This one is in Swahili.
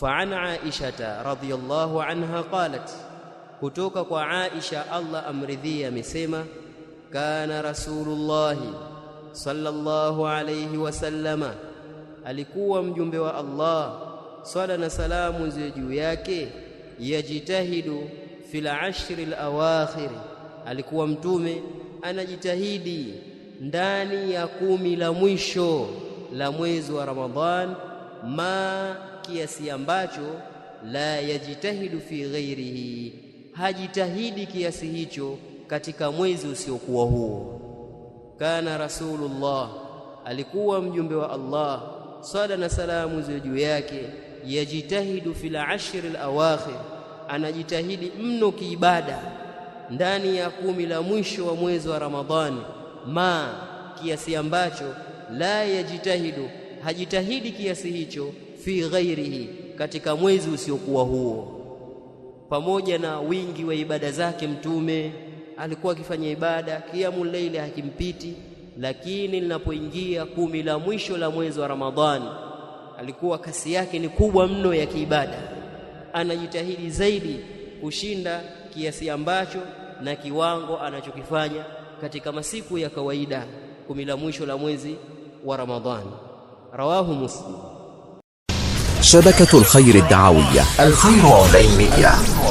fa an aishata radhiyallahu anha qalat, kutoka kwa Aisha Allah amridhia amesema, kana rasulullahi sallallahu alayhi wasallama, alikuwa mjumbe wa Allah swala na salamu ziwe juu yake, yajitahidu fil ashri alawakhir, alikuwa mtume anajitahidi ndani ya kumi la mwisho la mwezi wa Ramadhan ma, kiasi ambacho la yajitahidu fi ghairihi, hajitahidi kiasi hicho katika mwezi usiokuwa huo. Kana Rasulullah, alikuwa mjumbe wa Allah sala na salamu ziwe juu yake, yajitahidu fil ashri alawakhir, anajitahidi mno kiibada ndani ya kumi la mwisho wa mwezi wa Ramadhani, ma kiasi ambacho la yajitahidu hajitahidi kiasi hicho fi ghairihi, katika mwezi usiokuwa huo. Pamoja na wingi wa ibada zake, Mtume alikuwa akifanya ibada, qiyamul laili hakimpiti, lakini linapoingia kumi la mwisho la mwezi wa Ramadhani, alikuwa kasi yake ni kubwa mno ya kiibada, anajitahidi zaidi kushinda kiasi ambacho na kiwango anachokifanya katika masiku ya kawaida, kumi la mwisho la mwezi wa Ramadhani. رواه مسلم شبكة الخير الدعوية الخير أونلاين ميديا